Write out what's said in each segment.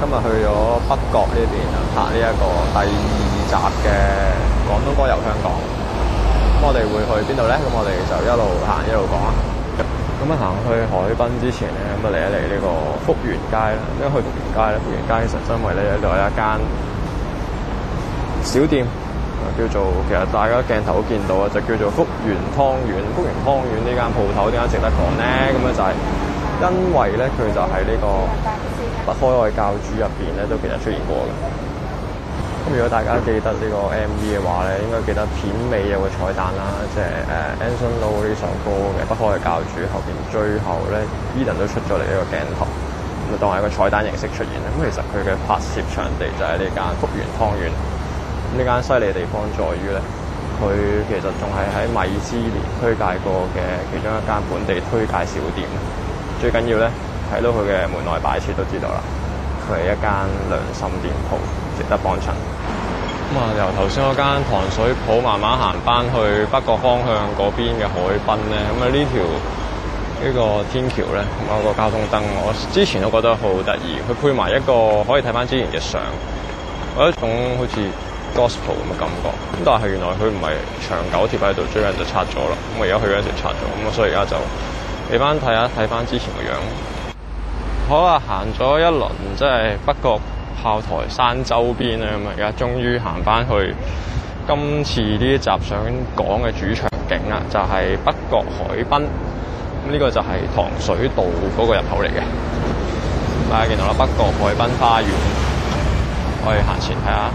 今日去咗北角呢邊拍呢一個第二集嘅《廣東歌遊香港》。咁我哋會去邊度咧？咁我哋就一路行一路講啦。咁啊、嗯，行、嗯、去海濱之前咧，咁啊嚟一嚟呢個福元街啦。點解去福元街咧？福元街其實身為咧喺度有一間小店，叫做其實大家鏡頭都見到啊，就叫做福元湯圓。福元湯圓呢間鋪頭點解值得講咧？咁啊就係因為咧，佢就喺呢、這個。《北海愛教主》入面呢，入邊咧都其實出現過嘅。咁如果大家記得呢個 MV 嘅話咧，應該記得片尾有個彩蛋啦，即係誒《Anson Lo》w 呢首歌嘅《北海愛教主》後邊最後咧，Edan 都出咗嚟呢個鏡頭，咁啊當係一個彩蛋形式出現啦。咁其實佢嘅拍攝場地就喺呢間福元湯圓。咁呢間犀利嘅地方在於咧，佢其實仲係喺米芝蓮推介過嘅其中一間本地推介小店。最緊要咧～睇到佢嘅門內擺設都知道啦，佢係一間良心店鋪，值得幫襯。咁啊、嗯，由頭先嗰間糖水鋪慢慢行翻去北角方向嗰邊嘅海濱咧，咁啊呢條呢、呢個天橋咧，咁、那、啊個交通燈，我之前都覺得好得意，佢配埋一個可以睇翻之前嘅相，有一種好似 gospel 咁嘅感覺。咁但係原來佢唔係長久貼喺度，最近就拆咗啦。咁我而家去咗嗰陣時拆咗，咁啊所以而家就俾翻睇下，睇翻之前個樣。好啊行咗一輪，即係北角炮台山周邊啦，咁啊，而家終於行翻去今次呢一集想講嘅主場景啦，就係北角海濱。咁呢個就係糖水道嗰個入口嚟嘅。大家見到啦，北角海濱花園。我哋行前睇下。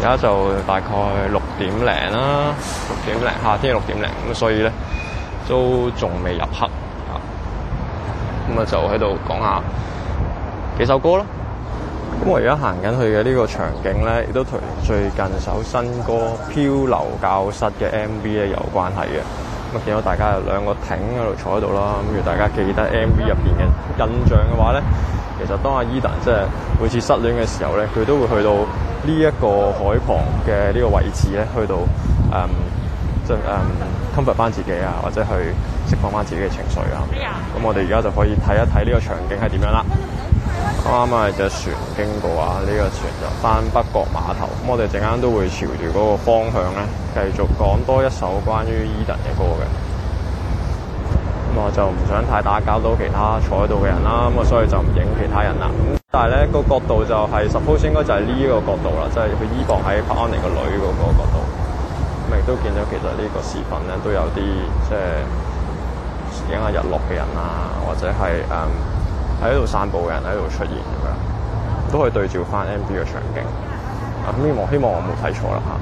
而家就大概六點零啦，六點零，夏天六點零，咁所以咧都仲未入黑。咁啊，就喺度講下幾首歌咯。咁我而家行緊去嘅呢個場景咧，亦都同最近首新歌《漂流教室》嘅 MV 咧有關係嘅。咁啊，見到大家有兩個艇喺度坐喺度啦，咁如果大家記得 MV 入邊嘅印象嘅話咧，其實當阿 Edan 即係每次失戀嘅時候咧，佢都會去到呢一個海旁嘅呢個位置咧，去到誒，即係誒，comfort 翻自己啊，或者去。釋放翻自己嘅情緒 Yeah. 啊！咁我哋而家就可以睇一睇呢個場景係點樣啦。啱啱係隻船經過 Yeah. 啊，呢、呢個船就翻北角碼頭。咁我哋陣間都會朝住嗰個方向咧，繼續講多一首關於 Edan 嘅歌嘅。咁我就唔想太打攪到其他坐喺度嘅人啦。咁啊，所以就唔影其他人啦。咁但係咧、呢個角度就係、是、suppose Yeah .應該就係呢一個角度啦，即係佢伊博喺柏安妮個女嗰個角度。咁亦都見到其實個呢個視頻咧都有啲即係。影下日落嘅人啊，或者係誒喺度散步嘅人喺度出現咁樣，都可以對照翻 MV 嘅場景。咁、啊、希望希望我冇睇錯啦嚇。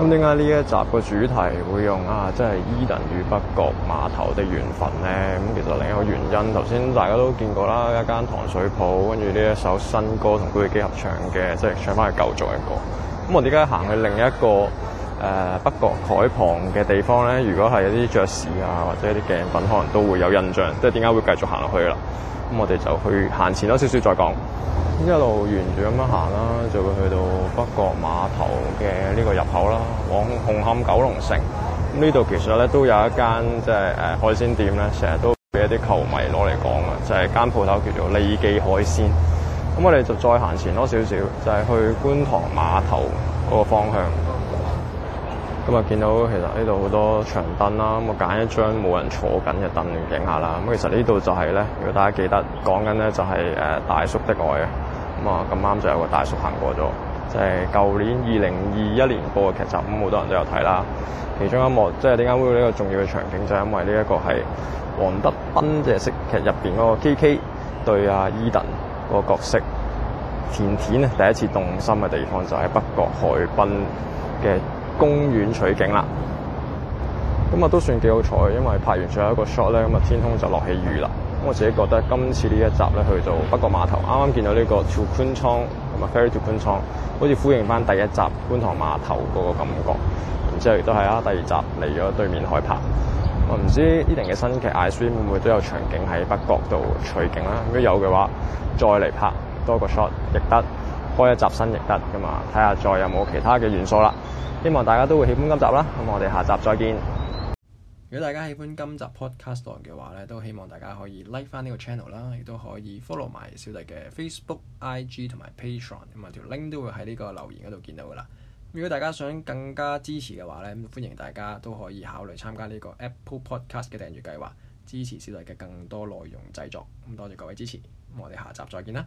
咁點解呢一集個主題會用啊？即係 Edan 與北角碼頭的緣分咧。咁、啊、其實另一個原因，頭先大家都見過啦，一間糖水鋪，跟住呢一首新歌同古巨基合唱嘅，即、就、係、是、唱翻去舊作一個。咁我點解行去另一個？誒、呃、北角海旁嘅地方咧，如果係一啲爵士啊，或者一啲鏡品，可能都會有印象。即係點解會繼續行落去啦？咁我哋就去行前多少少再講，一路沿住咁樣行啦、啊，就會去到北角碼頭嘅呢個入口啦、啊。往紅磡九龍城，咁呢度其實咧都有一間即係誒海鮮店咧，成日都俾一啲球迷攞嚟講嘅，就係間鋪頭叫做利記海鮮。咁我哋就再行前多少少，就係、是、去觀塘碼頭嗰個方向。咁啊！見到其實呢度好多長凳啦，咁我揀一張冇人坐緊嘅凳嚟影下啦。咁其實呢度就係、是、咧，如果大家記得講緊咧，就係誒大叔的愛嘅。咁啊，咁啱就有個大叔行過咗，就係、是、舊年二零二一年播嘅劇集，咁好多人都有睇啦。其中一幕，即係點解會有呢個重要嘅場景，就係、是、因為呢一個係黃德斌嘅色劇入邊嗰個 K K 對阿 Edan 個角色田田咧第一次動心嘅地方，就喺北角海濱嘅公園取景啦，咁啊都算幾好彩，因為拍完最後一個 shot 咧，咁啊天空就落起雨啦。咁我自己覺得今次呢一集咧去到北角碼頭，啱啱見到呢個 to 觀塘同埋 ferry to 觀塘，好似呼應翻第一集觀塘碼頭嗰個感覺。然之後亦都係啦，第二集嚟咗對面海拍。我唔知依定嘅新劇《I Swim》會唔會都有場景喺北角度取景啦？如果有嘅話，再嚟拍多個 shot 亦得。開一集新亦得噶嘛，睇下再有冇其他嘅元素啦。希望大家都會喜歡今集啦，咁我哋下集再見。如果大家喜歡今集 podcast 嘅話咧，都希望大家可以 like 翻呢個 channel 啦，亦都可以 follow 埋小弟嘅 Facebook、IG 同埋 Patreon，咁啊條 link 都會喺呢個留言嗰度見到噶啦。如果大家想更加支持嘅話咧，歡迎大家都可以考慮參加呢個 Apple Podcast 嘅訂閱計劃，支持小弟嘅更多內容製作。咁多謝各位支持，咁我哋下集再見啦。